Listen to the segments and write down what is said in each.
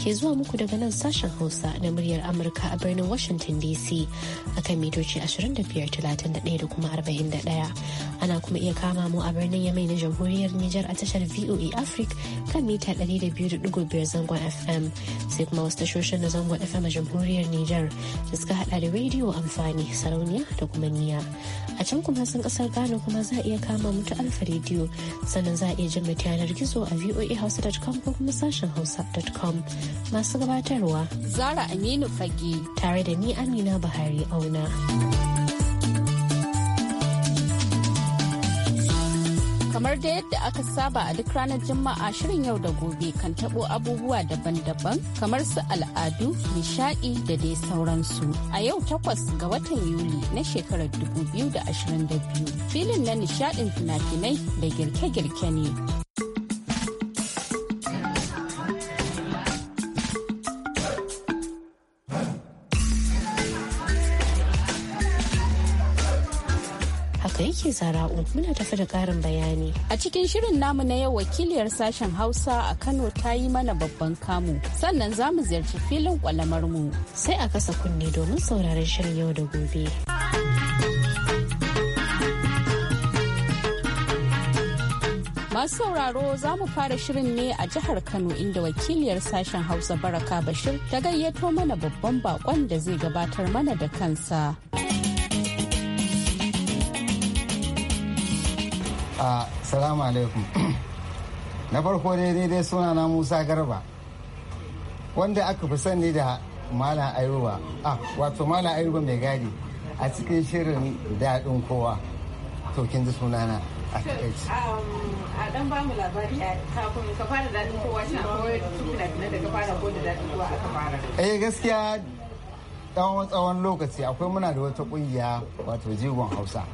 ke zuwa muku daga nan sashen Hausa na muryar Amurka a birnin Washington DC akan mitoci 2531 da kuma 41. Ana kuma iya kama mu a birnin Yamai na jamhuriyar Nijar a tashar VOA Africa kan mita 200.5 zangon FM sai kuma wasu tashoshin na zangon FM a jamhuriyar Nijar da suka hada da rediyo amfani sarauniya da kuma niya. A can kuma sun kasar Ghana kuma za a iya kama mu ta alfa rediyo sannan za a iya jin yanar gizo a hausa.com ko kuma sashen hausa.com masu gabatarwa zara aminu fage tare da ni amina buhari auna kamar da yadda aka saba a duk ranar juma'a shirin yau da gobe kan tabo abubuwa daban-daban kamar su al'adu nishadi da dai sauransu a yau takwas ga watan yuli na shekarar 2022 filin na nishadin fina-finai da girke-girke ne Zara'u muna tafi da ƙarin bayani. A cikin shirin namu na yau wakiliyar sashen Hausa a Kano ta yi mana babban kamu. Sannan za mu ziyarci filin kwalamar mu. Sai a kasa kunne domin sauraron shirin yau da gobe. Masu sauraro za mu fara shirin ne a jihar Kano inda wakiliyar sashen Hausa Baraka Bashir ta gayyato mana babban bakon da zai gabatar mana da kansa. Salamu alaikum. Na farko dai dai suna na Musa Garba. Wanda aka fi sani da Malam Ayuba. Ah, wato Malam Ayuba mai gadi a cikin shirin daɗin kowa. To kin ji sunana a takaici. Um, a dan ba mu labari kafin ka fara daɗin kowa shi akwai tukuna da ka fara ko da daɗin kowa aka fara. Eh gaskiya tsawon tsawon lokaci akwai muna da wata ƙungiya wato jigon Hausa.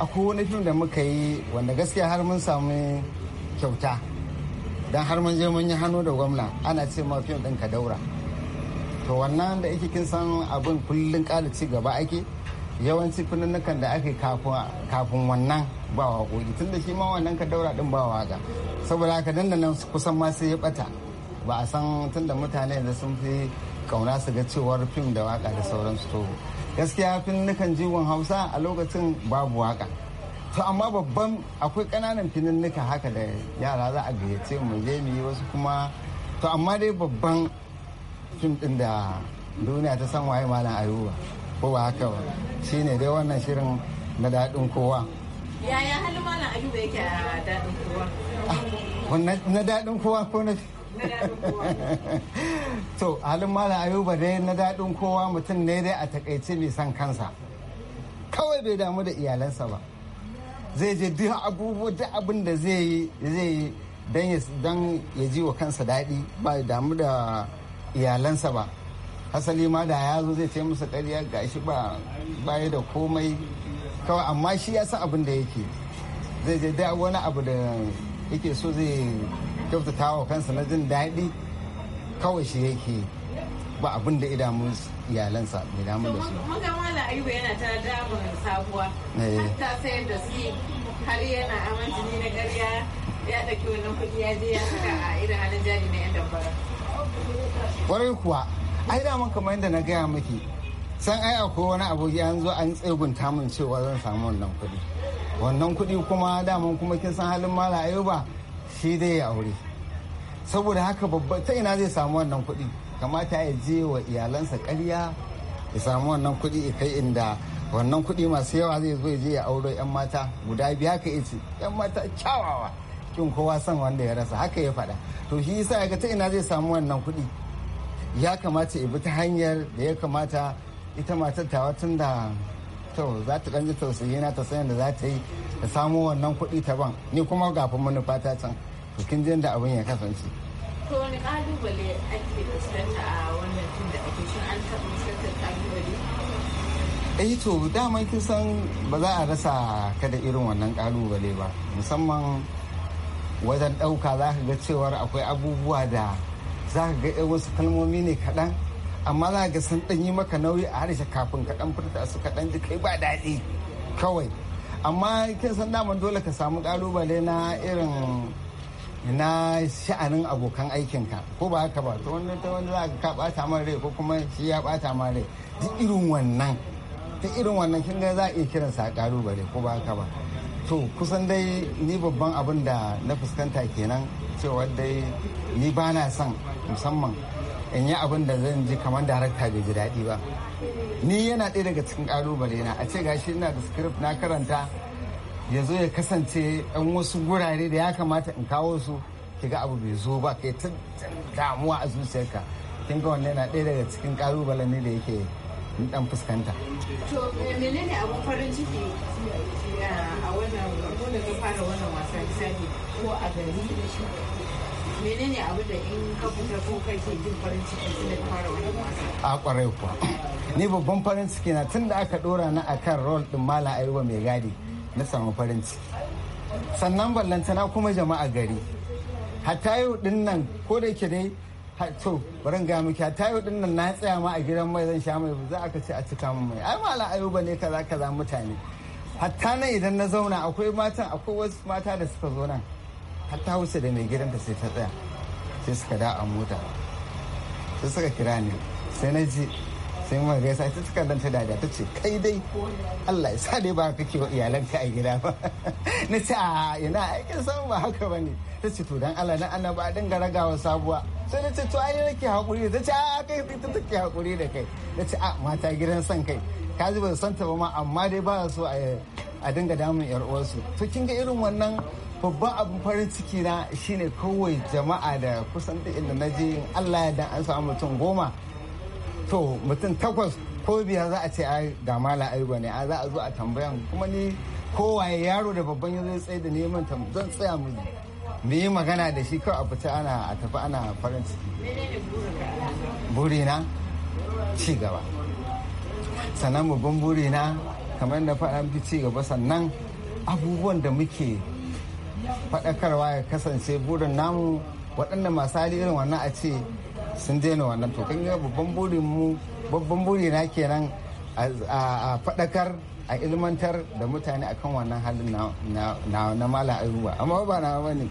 akwai wani fim da muka yi wanda gaskiya har mun samu kyauta don har mun je mun yi hannu da gwamna ana ce ma fim ɗin ka daura to wannan da ake kin san abin kullum ƙara ci gaba ake yawanci kunnukan da ake kafin wannan ba waƙoƙi tun da shi ma wannan ka daura ɗin ba waƙa saboda haka dandanan kusan ma sai ya bata ba a san tun mutane da sun fi kauna su ga cewar fim da waka da sauransu to gaskiya finnukan jiwon hausa a lokacin babu waka to amma babban akwai ƙananan fininnika haka da yara za a gayyace mu je mu yi wasu kuma to amma dai babban fim din da duniya ta san waye malam ayuba ko ba haka ba shine dai wannan shirin na daɗin kowa yaya halin malam ayuba yake a daɗin kowa ah, na daɗin kowa ko na to halin malam ayuba dai na daɗin kowa mutum ne dai a takaice mai san kansa kawai bai damu da iyalansa ba zai je duk abubuwa duk abin da zai yi zai don ya ji wa kansa daɗi ba damu da iyalansa ba asali ma da ya zo zai ce musu ƙarya gashi ba baya da komai kawai amma shi ya san abin da yake zai je da wani abu da yake so zai kyautata wa kansa na jin daɗi kawai shi yake ba abin da idanun iyalansa mai damu da su. Mun ga mala ayuba yana ta damun sabuwa. Eh. Ta sayar da su har yana aman jini na ƙarya ya ɗauki wannan kuɗi ya je ya saka a irin halin jari na 'yan dabbara. Kwarai kuwa, ai daman kamar yadda na gaya miki san ai akwai wani aboki an zo an tsegunta min cewa zan samu wannan kuɗi. Wannan kuɗi kuma daman kuma kin san halin mala ayuba shi dai ya aure saboda haka babba ta ina zai samu wannan kuɗi kamata ya je wa iyalansa karya ya samu wannan kuɗi ya kai inda wannan kuɗi masu yawa zai zo ya je ya auro 'yan mata guda biya ka ce 'yan mata kyawawa kin kowa san wanda ya rasa haka ya faɗa to shi yasa ya ga ta ina zai samu wannan kuɗi ya kamata ya bi ta hanyar da ya kamata ita matar tawa tun zata za ta ɗan tausayi na ta sayan da za ta yi ta samo wannan kuɗi ta ban ni kuma gafin manufa ta can to kin ji abin ya kasance. to kalubale ake fuskanta a wannan tun da ake an taɓa fuskantar kalubale. eh to dama kin san ba za a rasa kada irin wannan kalubale ba musamman wajen ɗauka za ka ga cewar akwai abubuwa da za ka ga wasu kalmomi ne kaɗan amma za ga sun ɗan yi maka nauyi a harshe kafin ka ɗan furta su ka ɗan ji kai ba daɗi kawai amma kin san daman dole ka samu ƙalubale na irin na sha'anin abokan aikinka ko ba haka ba to wani ta wani za ka ɓata man rai ko kuma shi ya ɓata man rai duk irin wannan ta irin wannan kin ga za a iya kiransa ƙalubale ko ba haka ba to kusan dai ni babban abin da na fuskanta kenan cewa dai ni ba na son musamman in yi abin da zan ji kamar darakta bai ji daɗi ba ni yana ɗaya daga cikin ƙalubale na a ce gashi ina da script na karanta ya zo ya kasance ɗan wasu gurare da ya kamata in kawo su kiga abu bai zo ba kai ta damuwa a zuciyarka kin ga wannan yana ɗaya daga cikin ƙalubale ne da yake dan fuskanta. To menene abun farin ciki a wannan ko da fara wannan wasa misali ko a gari menene abu da in ka buga ko kai ke jin farin ciki tun da fara wani a kwarai kuwa ni babban farin ciki na tun da aka dora na akan rol din mala ayuba mai gadi na samu farin ciki sannan na kuma jama'a gari hatta yau din nan ko da ke dai to bari ga miki hatta yau din nan na tsaya ma a gidan mai zan sha mai za aka ce a cika min mai ai mala ayuba ne kaza kaza mutane hatta nan idan na zauna akwai matan akwai wasu mata da suka zo nan har ta wuce da mai gidanta sai ta tsaya sai suka da a mota sai suka kira ni sai na ji sai mu ga ta suka danta dada ta ce kai dai Allah ya sa dai ba ka ke wa iyalanka a gida ba na ce a ina aikin san ba haka ba ne ta ce to dan Allah na annaba a dinga ragawa sabuwa sai na ce to ai nake hakuri ta ce a kai ta take hakuri da kai na ce a mata gidan san kai ka ji san ta ba ma amma dai ba so a dinga damun yar uwarsu to kin ga irin wannan babban abin farin ciki na shine kawai jama'a da kusan da inda na je allah ya dan an samu mutum goma to mutum takwas ko biya za a ce a ga mala aiwa ne a za a zo a tambayan kuma ni kowaye yaro da babban ya zai tsaye da neman zan tsaya mu mu yi magana da shi kawai a fita ana a tafi ana farin ciki burina ci gaba sannan babban burina kamar da faɗa ci gaba sannan abubuwan da muke faɗakarwa ya kasance burin namu waɗanda masu hali irin wannan a ce sun daina wannan to kan babban burin mu babban buri na kenan a faɗakar a ilmantar da mutane akan wannan halin na mala ayuba amma ba na bane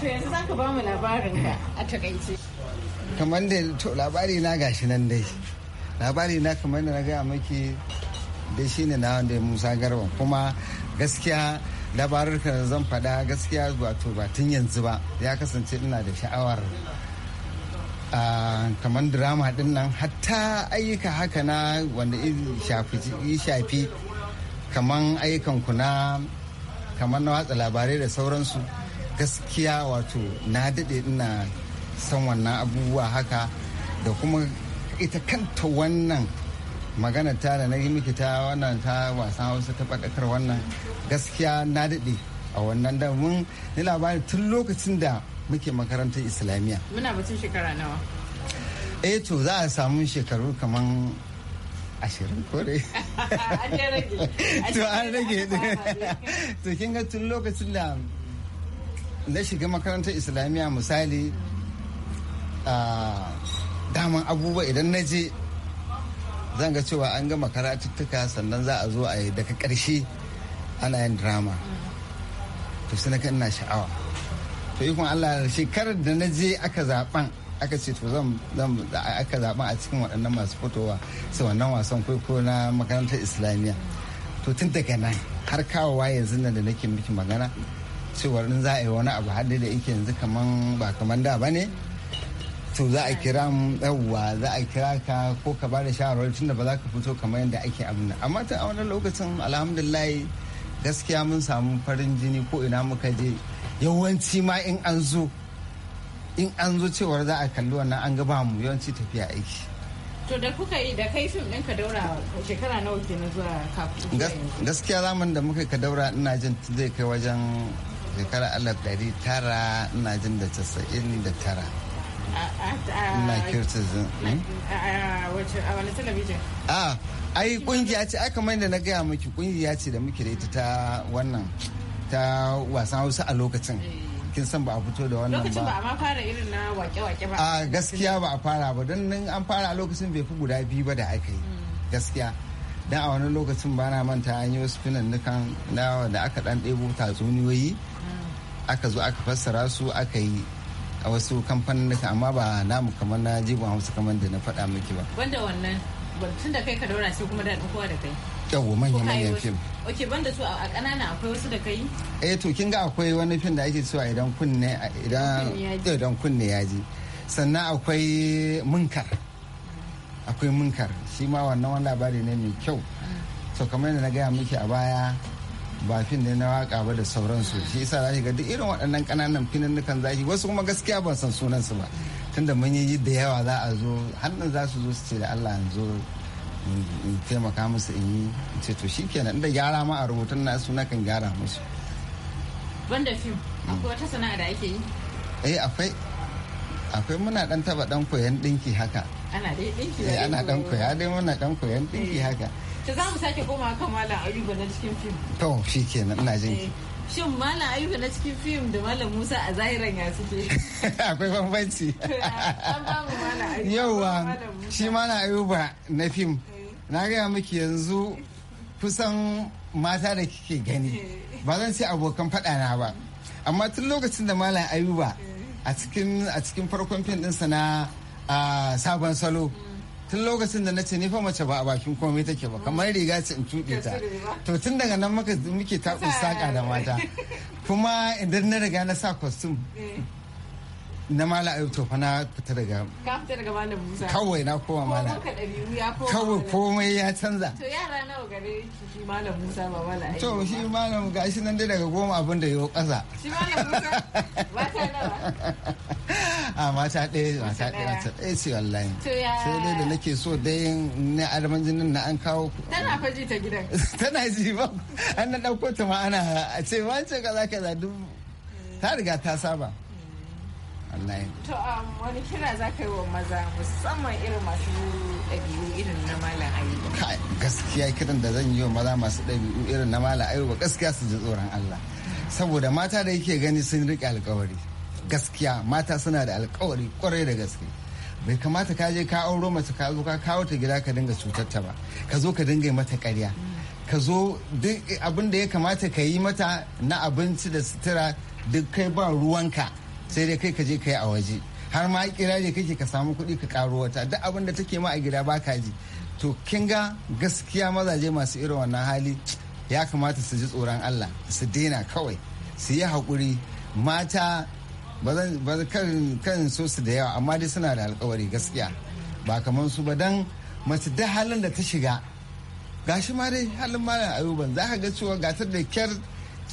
to yanzu za ka ba mu labarin ka a takaice kamar da to labari na gashi nan dai labari na kamar da na gaya maki dai shine na wanda musa garba kuma gaskiya ka zan faɗa gaskiya wato ba tun yanzu ba ya kasance ina da sha'awar kamar drama din nan hatta ayyuka haka na wanda yi shafi kamar ayyukan na kamar na watsa labarai da sauransu gaskiya wato na daɗe ina san wannan abubuwa haka da kuma ita kanta wannan magana ta da na yi miki ta wannan ta wasan hausa ta faɗakar wannan gaskiya na daɗe a wannan da mun ni labari tun lokacin da muke makarantar islamiyya muna batun shekara nawa eh to za a samu shekaru kaman ashirin kore to an rage to kin ga tun lokacin da na shiga makarantar islamiyya misali daman abubuwa idan na je zan ga cewa an gama karatuttuka sannan za a zo a yi daga ƙarshe ana yin drama to sai na ina sha'awa to ikon Allah shekarar da na je aka zaben aka ce to zan aka zaben a cikin waɗannan masu fitowa sai wannan wasan kwaikwayo na makarantar islamiyya to tun daga nan har kawowa yanzu nan da nake miki magana cewar in za a yi wani abu hadda da yake yanzu kaman ba kaman da ba ne to za a kira yawwa za a kira ka ko ka ba da shawarwari tun da ba za ka fito kamar yadda ake amina amma tun a wani lokacin alhamdulillah gaskiya mun samu farin jini ko ina muka je yawanci ma in an zo in an zo cewar za a kalli wannan an gaba mu yawanci tafiya aiki to da kuka yi da kai fim ɗinka daura shekara nawa ke na zuwa kafin gaskiya zaman da muka ka daura ina jin zai kai wajen shekara alaf ɗari tara ina jin da casa'in da tara ina kirtizin hmm? a wani talabijin ai kungiya ce ai kamar da na gaya miki kungiya ce da muke da ita ta wannan ta wasan hausa a lokacin eh. kin san ba a fito da wannan ba lokacin ba a ma fara irin na wake-wake ba a gaskiya ba a fara ba don nan an fara a lokacin bai fi guda biyu ba da aka yi hmm. gaskiya dan a wani lokacin ba na manta an yi wasu finan na da aka dan ɗebo tatsuniyoyi hmm. aka zo aka fassara su aka yi a wasu kamfanin amma ba namu kamar na jibin hausa kamar da na faɗa miki ba. Wanda wannan tun da kai ka daura sai kuma daɗin kowa da kai yawo manya manyan fim ok banda su a ƙanana akwai wasu da kai eh to kin ga akwai wani fim da ake cewa idan kunne idan eh, idan kunne ya ji sannan akwai munkar akwai munkar shi ma wannan wani labari ne mai kyau so kamar yadda na gaya miki a baya ba fim ne na waka ba da sauransu shi yasa za ga duk irin waɗannan ƙananan fininnukan zaki wasu kuma gaskiya ban san sunansu ba tunda mun yi da yawa za a zo hannun za su zo su ce da allah zo in taimaka musu in yi in ce to shikenan inda gyara ma a rubutun na suna kan gyara musu banda fim akwai wata sana'a da ake yi eh akwai akwai muna dan taba dan koyan dinki haka ana dai dinki eh ana dan koya dai muna dan koyan dinki eh. haka to za mu sake koma kan malam ayuba na cikin fim to shikenan ina jinki ki eh. shin malam ayyuka na cikin fim da malam musa a zahiran ya suke akwai bambanci yauwa shi malam ayuba na fim eh. na gaya miki yanzu kusan mata da kike gani eh. ba zan ce abokan na ba amma tun lokacin da malam ayuba eh. a cikin farkon fim ɗinsa na ah, sabon salo mm. tun lokacin da na ce ni fa mace ba a bakin komai take ba kamar riga ce in tuɗe ta to tun daga nan muka muke ta saka da mata kuma idan na riga na sa kwastum eh. na mala ayub to fa na fita daga ka fita daga malam musa kawai na koma mala kawai komai ya canza to yara nawa gare shi malam musa ba mala ayub to shi malam gashi nan dai daga goma abin da yau kasa shi malam musa ba ta nawa a ah, mata ɗaya mata ɗaya mata ɗaya ce wallahi sai dai da nake so dai na arman jinin na an kawo tana faji ta gidan tana ji ba an na ɗauko ta ma ana a ce wance kaza kaza duk ta riga ta saba wallahi to um, wani kira za ka yi wa maza musamman irin masu ɗabi'u irin na malam ayuba gaskiya kiran da zan yi wa maza masu ɗabi'u irin na malam ayuba gaskiya su ji tsoron Allah saboda mata da yake gani sun riƙe alkawari gaskiya mata suna da alkawari kwarai da gaske bai kamata ka je ka auro mace ka zo ka kawo ta gida ka dinga cutar ta ba ka zo ka dinga mata karya ka zo duk abin da ya kamata ka yi mata na abinci da sutura duk kai ba ruwanka sai dai kai ka je kai a waje har ma kira je kake ka samu kuɗi ka karo wata duk abin da take ma a gida ba ka ji to kin ga gaskiya mazaje masu irin wannan hali ya kamata su ji tsoron Allah su daina kawai su yi haƙuri mata ba kan kan so su da yawa amma dai suna da alkawari gaskiya ba kamar su ba dan mace da halin da ta shiga gashi ma dai halin malam ayuban za ka ga cewa gatar da kyar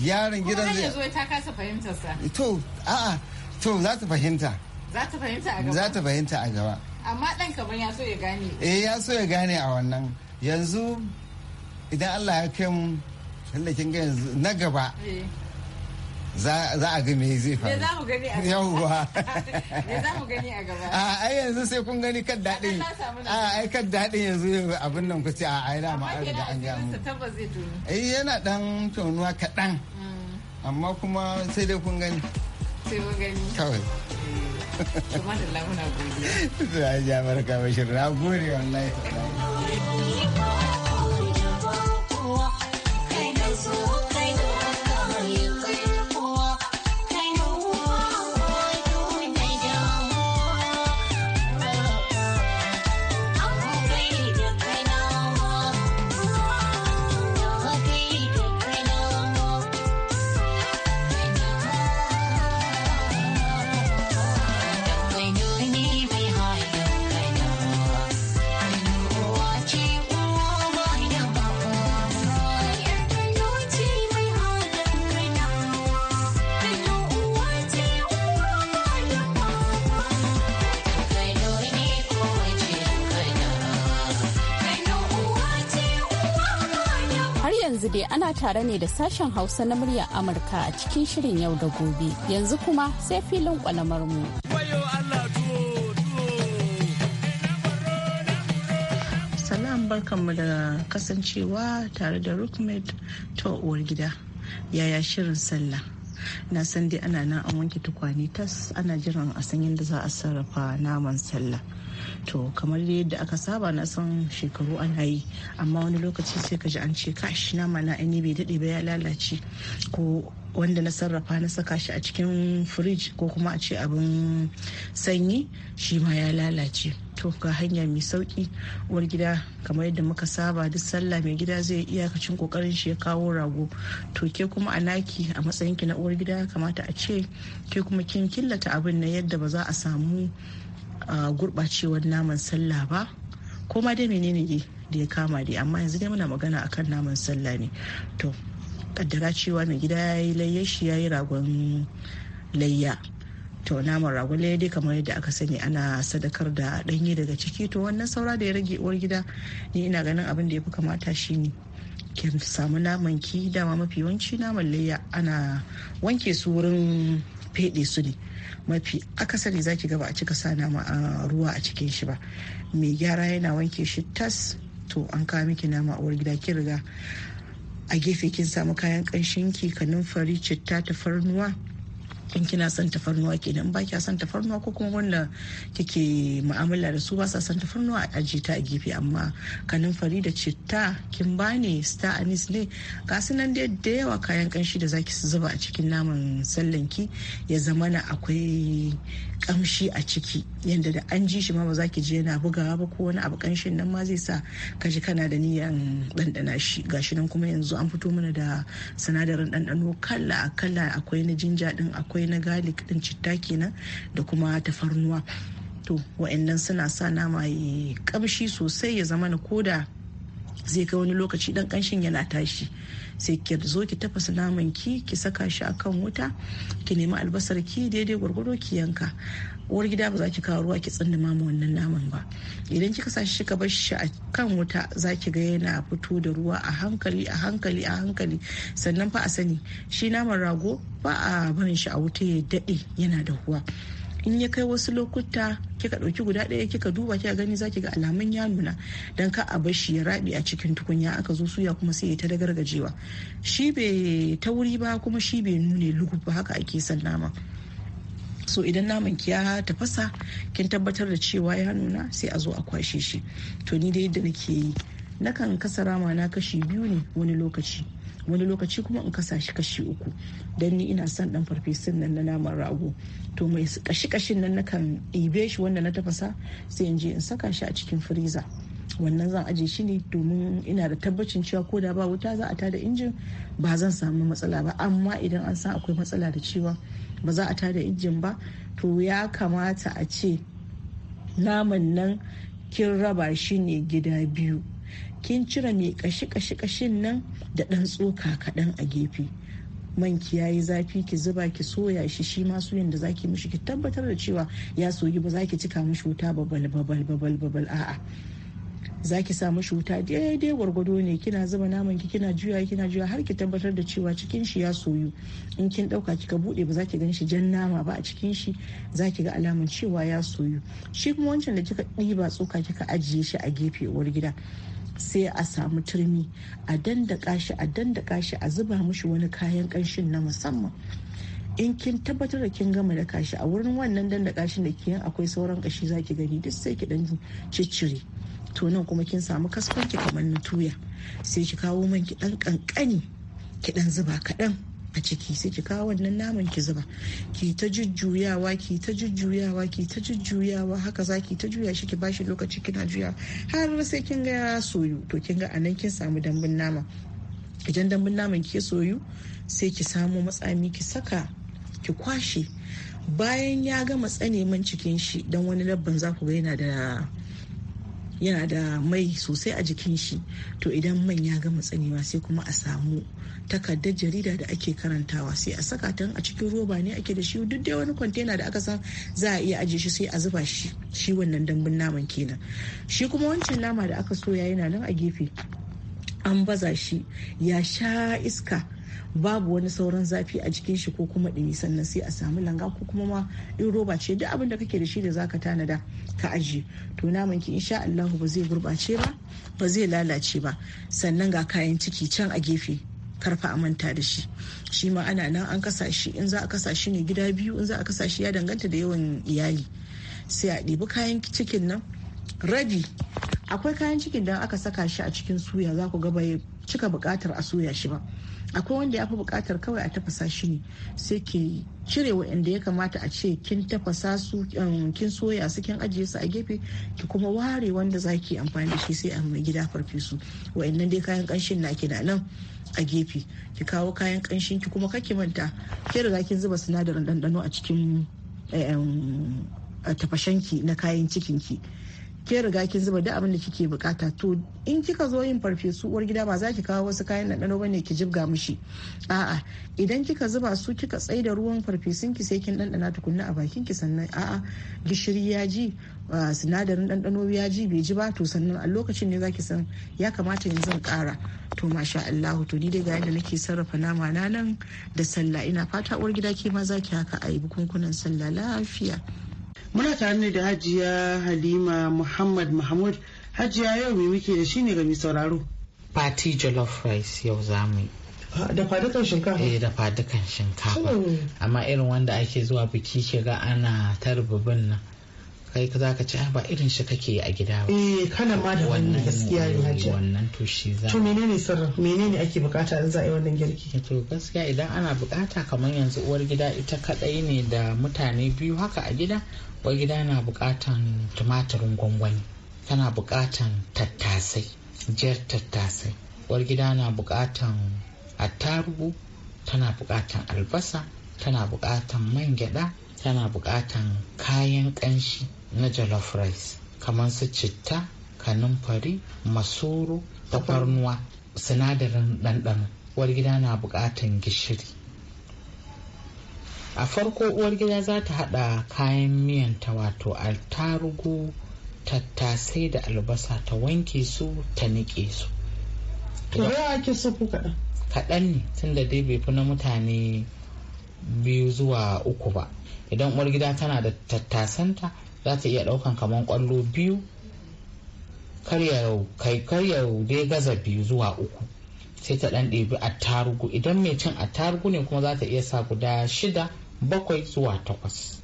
yaron gidan zai zo ta kasa fahimtar sa to a'a to za ta fahimta za ta fahimta a gaba za ta fahimta a gaba amma dan kamar ya so ya gane eh ya so ya gane a wannan yanzu idan Allah ya kai mu tallakin ga yanzu na gaba eh. za a ga me zai faru. Me za mu gani a gaba. Yawwa. Me za mu gani a gaba. A ai yanzu sai kun gani kan daɗin. A ai kan daɗin yanzu abin nan ku ce a ai da ma'ar da an ga mu. Ai yana dan tonuwa kaɗan. Mm. Amma kuma sai dai kun gani. Sai kun gani. Kawai. Kuma da lamuna gobe. Za ya ja barka bashir na gode wallahi. dai ana tare ne da sashen Hausa na muryar Amurka a cikin shirin yau da gobe. Yanzu kuma sai filin kwalamar mu. Salam barkanmu da kasancewa tare da rukmet to uwar gida. Yaya shirin sallah? na san dai ana nan an wanke tukwane tas ana jiran a san yadda za a sarrafa naman sallah to kamar yadda aka saba na san shekaru ana yi amma wani lokaci sai ka ji an ce kashi na mana aini bai daɗe ba ya lalace ko wanda na sarrafa na saka shi a cikin firij ko kuma a ce abin sanyi shi ma ya lalace to ga hanya mai sauki uwar gida kamar yadda muka saba duk sallah mai gida zai iya iyakacin kokarin shi ya kawo rago to ke kuma a naki a matsayin ki na uwar gida kamata a ce ke kuma kin killata abin na yadda ba za a samu gurɓacewar naman sallah ba ko ma dai menene da ya kama dai amma yanzu dai muna magana akan naman sallah ne to kaddara cewa mai gida ya yi layya shi ya yi ragon layya to naman ragon layya dai kamar yadda aka sani ana sadakar da ɗanye daga ciki to wannan saura da ya rage uwar gida ni ina ganin abin da ya fi kamata shi ne ki samu naman ki dama mafi yawanci naman layya ana wanke su wurin feɗe su ne mafi akasari zaki ki gaba a cika sa nama a ruwa a cikin shi ba mai gyara yana wanke shi tas to an kawo miki nama a gida kin riga a gefe kin samu kayan kanshin ki numfari citta tafarnuwa in kina son tafarnuwa kenan ba kya son tafarnuwa ko kuma wanda kike mu'amala da su ba sa son tafarnuwa a ajiye ta a gefe amma kanin fari da citta kin bani star anis ne ga su nan dai da yawa kayan kanshi da zaki zuba a cikin naman sallanki ya zamana akwai kamshi a ciki yadda da an ji shi ma ba za ki je yana bugawa ba ko wani abu kanshin nan ma zai sa ka ji kana da niyan ɗanɗana shi gashi nan kuma yanzu an fito mana da sinadarin ɗanɗano kalla a kala akwai na jinja ɗin akwai na galik ɗin citta kenan da kuma tafarnuwa to wa'annan suna sa nama ya kamshi sosai ya zama na koda zai kai wani lokaci ɗan kanshin yana tashi sai ki zo ki tafasa naman ki ki saka shi akan wuta ki nemi albasar ki daidai gwargwado ki yanka uwar gida ba za ki kawo ruwa ki tsinda ma wannan naman ba idan kika sa shi ka bar shi a kan wuta za ki ga yana fito da ruwa a hankali a hankali a hankali sannan fa a sani shi naman rago ba a barin shi a wuta ya daɗe yana da ruwa in ya kai wasu lokuta kika ɗauki guda ɗaya kika duba kika gani zaki ga alamun ya nuna don ka a bashi ya rabi a cikin tukunya aka zo suya kuma sai ya ta dagargajewa shi bai tauri ba kuma shi bai nune lugub ba haka ake son nama so idan naman ki ya tafasa kin tabbatar da cewa ya nuna sai a zo a kwashe shi to ni dai yadda nake yi nakan kasa rama na kashi biyu ne wani lokaci wani lokaci kuma in kasa shi kashi uku don ni ina son dan farfesun nan na naman rago to mai kashi kashin nan nakan ibe shi wanda na tafasa sai in je in saka shi a cikin firiza wannan zan aje shi ne domin ina da tabbacin cewa ko da ba wuta za a tada injin ba zan samu matsala ba amma idan an san akwai matsala da cewa ba za a tada injin ba to ya kamata a ce naman nan kin raba shi ne gida biyu kin cire mai kashi kashi kashin nan da ɗan tsoka kaɗan a gefe man ki yayi zafi ki zuba ki soya shi shi ma suyan da zaki mishi ki tabbatar da cewa ya soyi ba zaki cika mishi wuta babal babal babal babal a'a za ki sa mishi wuta daidai gwargwado ne kina zuba naman ki kina juya kina juya har ki tabbatar da cewa cikin shi ya soyu in kin dauka kika bude ba za ki gan shi jan nama ba a cikin shi zaki ga alaman cewa ya soyu shi kuma wancan da kika ɗiba tsoka kika ajiye shi a gefe uwar gida sai a samu turmi a dandaka shi a dandaka shi a zuba mushi wani kayan kanshin na musamman in kin tabbatar da kin gama da kashi a wurin wannan dandaka shi da kiyan akwai sauran kashi zaki gani duk sai ki dan ciccire to nan kuma kin samu kaskon ki kamar na tuya sai ki kawo man ki dan kankani ki dan zuba kadan a ciki sai ki kawo wannan naman ki zuba ki ta jujjuyawa ki ta jujjuyawa ki ta jujjuyawa haka za ki ta juya shi ki bashi lokaci kina juya har sai kin ga ya soyu to kin ga anan kin samu dambun nama idan dambun naman ke soyu sai ki samu matsami ki saka ki kwashe bayan ya gama tsaneman cikin shi dan wani labban za ku ga yana da yana da mai sosai a jikin shi to idan man ya gama tsanewa sai kuma a samu takardar jarida da ake karantawa sai a saka ta a cikin roba ne ake da shi duk dai wani kwantena da aka san za a iya ajiye shi sai a zuba shi shi wannan dambun naman kenan shi kuma wancan nama da aka soya yana nan a gefe an baza shi ya sha iska babu wani sauran zafi a jikin shi ko kuma ɗumi sannan sai a samu langa ko kuma ma in roba ce duk abin da kake da shi da zaka tanada ka ajiye to naman ki insha Allah ba zai gurbace ba ba zai lalace ba sannan ga kayan ciki can a gefe karfa a manta da shi shi ma ana nan an kasa shi in za a kasa shi ne gida biyu in za a kasa shi ya danganta da yawan iyali sai a ɗibi kayan cikin nan rabi akwai kayan cikin da aka saka shi a cikin suya za ku ga bai cika bukatar a soya shi ba akwai wanda ya fi bukatar kawai a tafasa shi ne sai ke cire waɗanda ya kamata a ce kin tafasa su um, kin soya su kin ajiye su a gefe ki kuma ware wanda za ki amfani da shi sai a mai gida farfesu waɗannan dai kayan kanshin na kina nan a gefe ki kawo kayan kanshin ki kuma kake manta ki riga kin zuba sinadarin dandano a cikin um, tafashenki na kayan cikin ki. ke riga kin zuba duk abin da kike bukata to in kika zo yin farfesu uwar gida ba za ki kawo wasu kayan ɗanɗano bane ki jibga mushi a'a idan kika zuba su kika tsai da ruwan farfesun ki sai kin ɗanɗana tukunna a bakin ki sannan a'a gishiri ya ji sinadarin ɗanɗano ya ji bai ji ba to sannan a lokacin ne zaki san ya kamata yanzu in kara to masha Allah to ni dai ga yadda nake sarrafa nama na nan da sallah ina fata uwar gida ke ma zaki haka a yi bukunkunan sallah lafiya muna tare ne da hajiya halima muhammad mahmud hajiya yau mai muke da shi ne ga sauraro Fati jollof rice yau za mu yi ah, da fadukan shinkafa eh da fadukan shinkafa hmm. amma irin wanda ake zuwa biki ke ga ana tarbabin nan kai ka zaka ci ah, ba irin shi kake a gida ba eh kana ma da wannan gaskiya ne haji wannan to shi za to menene sirrin menene ake bukata in za a yi wannan girki eh, to gaskiya idan ana bukata kamar yanzu uwar gida ita kadai ne da mutane biyu haka a gida uwar gida na bukatan tumatirin gwangwani tana bukatan tattasai jiyar tattasai uwar gida na bukatan attarugu tana bukatan albasa tana bukatan man gyada tana bukatan kayan kanshi na jollof rice kamar su citta kanumfari masoro da farnuwa sinadarin ɗanɗano uwar gida na buƙatan gishiri a farko uwar gida za ta haɗa kayan miyanta wato altarugu tattasai da albasa ta wanke su ta niƙe su kaɗan ne tun da dai bai fi na mutane biyu zuwa uku ba idan uwar gida tana da tattasanta za ta iya ɗaukan kamar kwallo biyu da dai gaza biyu zuwa uku sai ta dan ɗebi attarugu idan mai cin attarugu ne kuma za ta iya sa guda shida bakwai zuwa takwas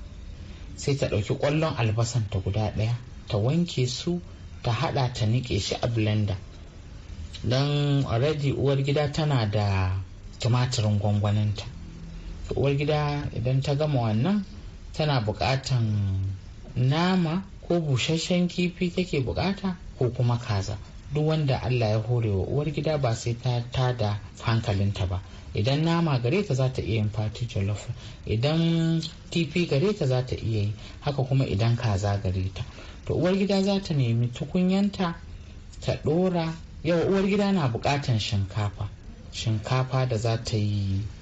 sai ta ɗauki kwallon albasan ta guda ɗaya ta wanke su ta haɗa ta niƙe shi a blender don already uwar gida tana da tumatirin gwangwaninta uwar gida idan ta gama wannan tana buƙatan nama ko busasshen kifi kake bukata ko kuma kaza duk wanda Allah ya hore wa uwar gida ba sai ta tada hankalinta ba idan nama gare ta za ta iya yin fati jollof idan kifi gare ta za ta iya yi haka kuma idan kaza gare ta to uwar gida za ta nemi tukunyanta ta dora yau uwar gida na bukatan shinkafa shinkafa da za ta yi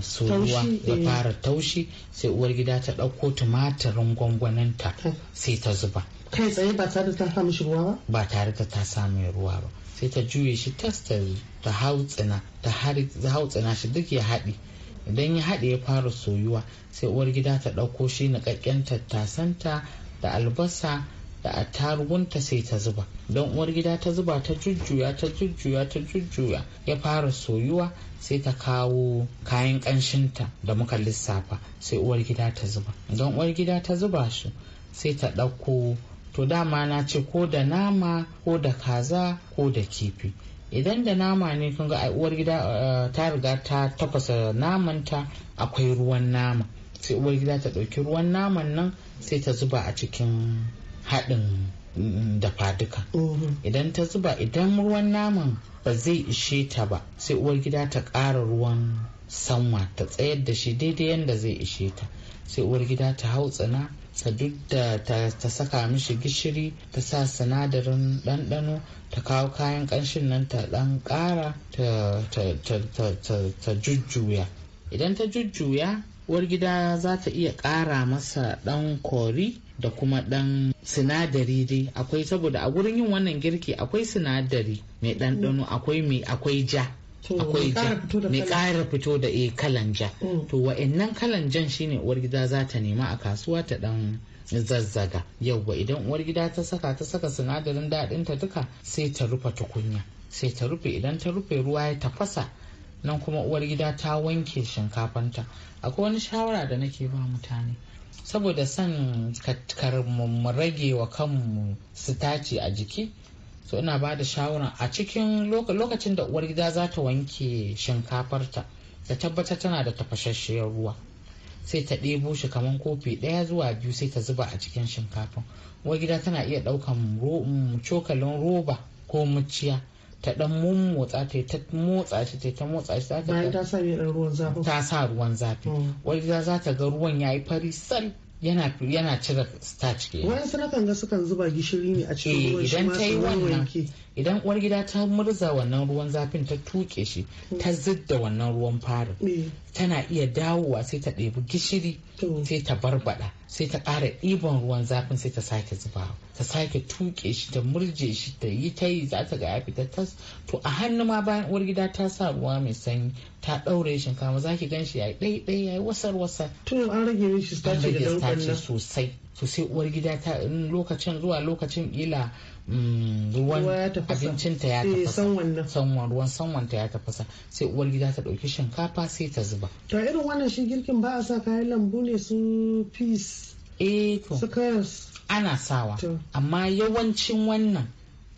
so ruwa ya eh. fara taushi sai uwar gida ta ɗauko tumatirin gwangwaninta eh. sai ta zuba kai tsaye ba tare da ta samu shi ruwa ba ba tare da ta samu ruwa ba sai ta juye shi tastari ta hautsina ta hautsina shi duk ya haɗi idan ya haɗe ya fara soyuwa sai uwar gida ta ɗauko shi niƙaƙƙen tattasanta da albasa da attarugunta sai ta zuba don uwar gida ta zuba ta jujjuya ta jujjuya ta jujjuya ya fara soyuwa sai ta kawo kayan ƙanshinta da muka lissafa sai uwar gida ta zuba don uwar gida ta zuba shi sai ta ɗauko to dama na ce ko da nama ko da kaza ko da kifi idan da nama ne kun ga uwar gida eh, ta riga ta tafasa namanta akwai ruwan nama sai uwar gida ta ɗauki ruwan naman nan sai ta zuba a cikin haɗin dafa duka mm-hmm. idan ta zuba idan ruwan naman ba zai ishe ta ba sai uwar gida ta ƙara ruwan sanwa ta tsayar da shi daidai yadda zai ishe ta sai uwar gida ta hau tsana ta duk da ta saka mishi gishiri ta sa sinadarin ɗanɗano ta kawo kayan ƙanshin nan ta ɗan ƙara ta jujjuya idan ta jujjuya uwar gida za ta iya ƙara masa ɗan kori da kuma ɗan sinadari dai akwai saboda a gurin yin wannan girki akwai sinadari mai ɗanɗano akwai mai akwai ja akwai ja mai ƙara fito da e kalan ja mm. to wa'annan kalan jan shine uwar gida za ta nema a kasuwa ta ɗan zazzaga yauwa idan uwar gida ta saka ta saka sinadarin daɗinta duka sai ta rufe tukunya sai ta rufe idan ta rufe ruwa ya tafasa nan kuma uwar gida ta wanke shinkafanta akwai wani shawara da nake ba mutane saboda son kar mu rage wa kanmu sitaci a jiki so ina ba da shawara a cikin lokacin da uwar gida za ta wanke shinkafarta ta tabbatar tana da tafashasshiyar ruwa sai ta ɗebo shi kamar kofi ɗaya zuwa biyu sai ta zuba a cikin shinkafin uwar gida tana iya ɗaukan mm, cokalin roba ko muciya ta dan mummotsa ta ta motsa shi ta ta motsa shi ta ta sa ruwan zafi ta sa ruwan zafi hmm. wanda za ta ga ruwan yayi fari sal yana yana cire starch ke wani sanakan ga sukan zuba gishiri ne a cikin eh, ruwan shi ma su wanki idan uwar gida ta murza wannan ruwan zafin ta tuke shi mm. ta zidda wannan ruwan farin mm. tana iya dawowa sai ta ɗebi gishiri mm. sai ta barbada sai ta ƙara ɗiban ruwan zafin sai ta sake zuba ta sake tuke shi ta murje shi ta yi ta yi za ta ga ya fita tas to a hannu ma bayan uwar gida ta sa ruwa mai sanyi ta ɗaure shinkafa za ki ganshi. ya yi ɗai ɗai ya yi wasar wasar tun an rage shi sosai sosai uwar gida ta lokacin zuwa lokacin ila Mm, ruwan ta ya tafasa eh, ruwan ta ya tafasa sai uwar gida ta ɗauki shinkafa sai ta zuba to irin wannan shi girkin ba a sa kayan lambu ne su peas eh to ana sawa amma yawancin wannan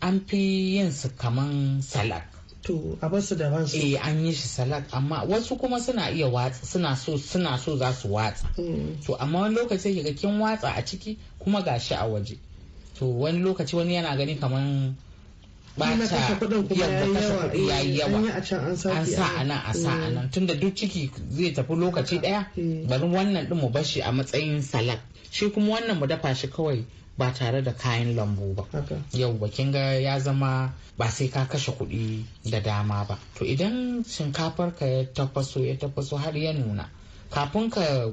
an fi yin su kaman salak to a basu da ban eh an yi shi salak amma wasu kuma suna iya watsa suna so suna so za su watsa mm. to amma wani lokacin ga kin watsa a ciki kuma gashi a waje to wani lokaci wani yana gani kamar bata da kasa kudi ya yi eh, yawa an sa a nan a sa a nan tunda duk ciki zai tafi lokaci daya eh. bari wannan ɗin mu bashi a matsayin salak shi kuma wannan mu dafa shi kawai ba tare da kayan lambu ba yau ba kin ga ya zama ba sai ka kashe kuɗi da dama ba to idan shinkafar ka ya tafaso ya tafaso har ya nuna kafin ka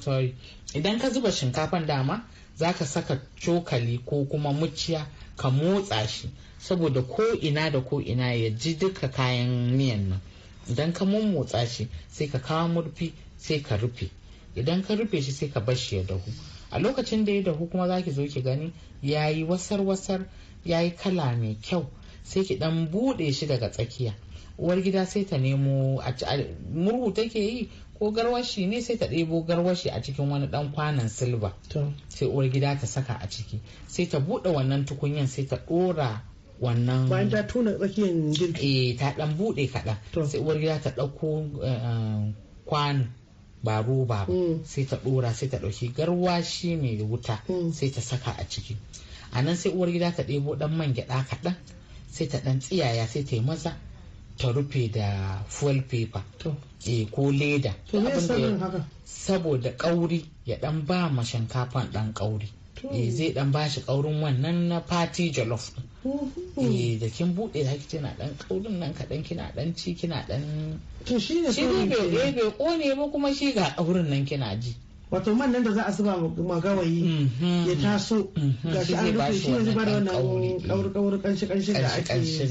sorry idan ka zuba shinkafan dama za ka saka cokali ko kuma muciya ka motsa shi saboda ko ina da ko ina ya ji duka kayan miyan nan idan ka mummotsa shi sai ka kawo murfi sai ka rufe idan ka rufe shi sai ka bar shi ya dahu a lokacin da ya dahu kuma za ki zo ki gani ya yi wasar-wasar ya yi kala mai kyau sai ki dan buɗe shi daga tsakiya uwar gida sai ta nemo murhu take yi ko garwashi ne sai ta ɗebo garwashi a cikin wani ɗan kwanan silba sai uwar gida ta saka a ciki sai ta buɗe wannan tukunyan sai ta ɗora wannan bayan ta tona tsakiyar girki eh ta ɗan buɗe kaɗan sai uwar gida ta ɗauko eh, kwano ba roba ba mm. sai ta ɗora sai ta ɗauki garwashi mai wuta mm. sai ta saka a ciki a nan sai uwar gida ta ɗebo ɗan man gyaɗa kaɗan sai ta ɗan tsiyaya sai ta yi maza ta rufe da fuel paper eh ko leda saboda kauri ya dan ba ma shinkafan dan kauri e, eh, zai dan ba shi kaurin wannan na party jollof eh da kin bude da kike na dan kaurin nan kadan kina dan ci kina dan to shi ne bai kone eh, mu kuma shi ga kaurin nan kina ji wato man nan da za a zuba magawayi mhm. ya taso mhm. ga shi an rufe shi yanzu zuba da wannan kauri kanshi kanshi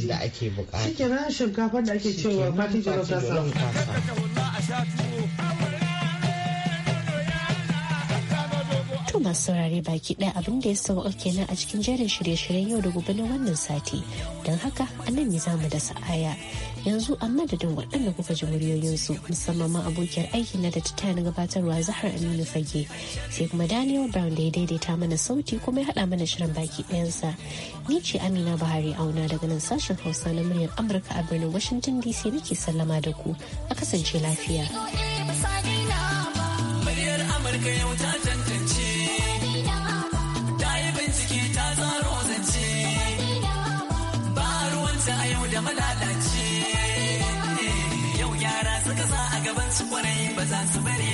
da ake bukata shi kenan shinkafa da ake cewa fatin jiro ta samu masu saurare baki ɗaya abin da ya sauka kenan a cikin jerin shirye-shiryen yau da gobe na wannan sati don haka anan ne mu da sa'aya yanzu a madadin waɗanda kuka ji muryoyinsu musamman ma abokiyar aiki na da ta na gabatarwa zahar aminu fage sai kuma daniel brown da ya daidaita mana sauti kuma ya haɗa mana shirin baki ɗayansa ni ce amina buhari auna daga nan sashen hausa na muryar amurka a birnin washington dc nake sallama da ku a kasance lafiya. yau ta I'm su bari